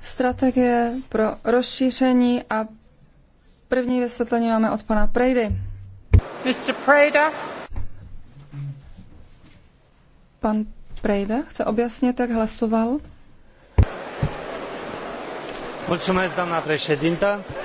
Strategie pro rozšíření a první vysvětlení máme od pana Prejdy. Mr. Preda. Pan Prejda chce objasnit, jak hlasoval. Mulțumesc, doamna președintă.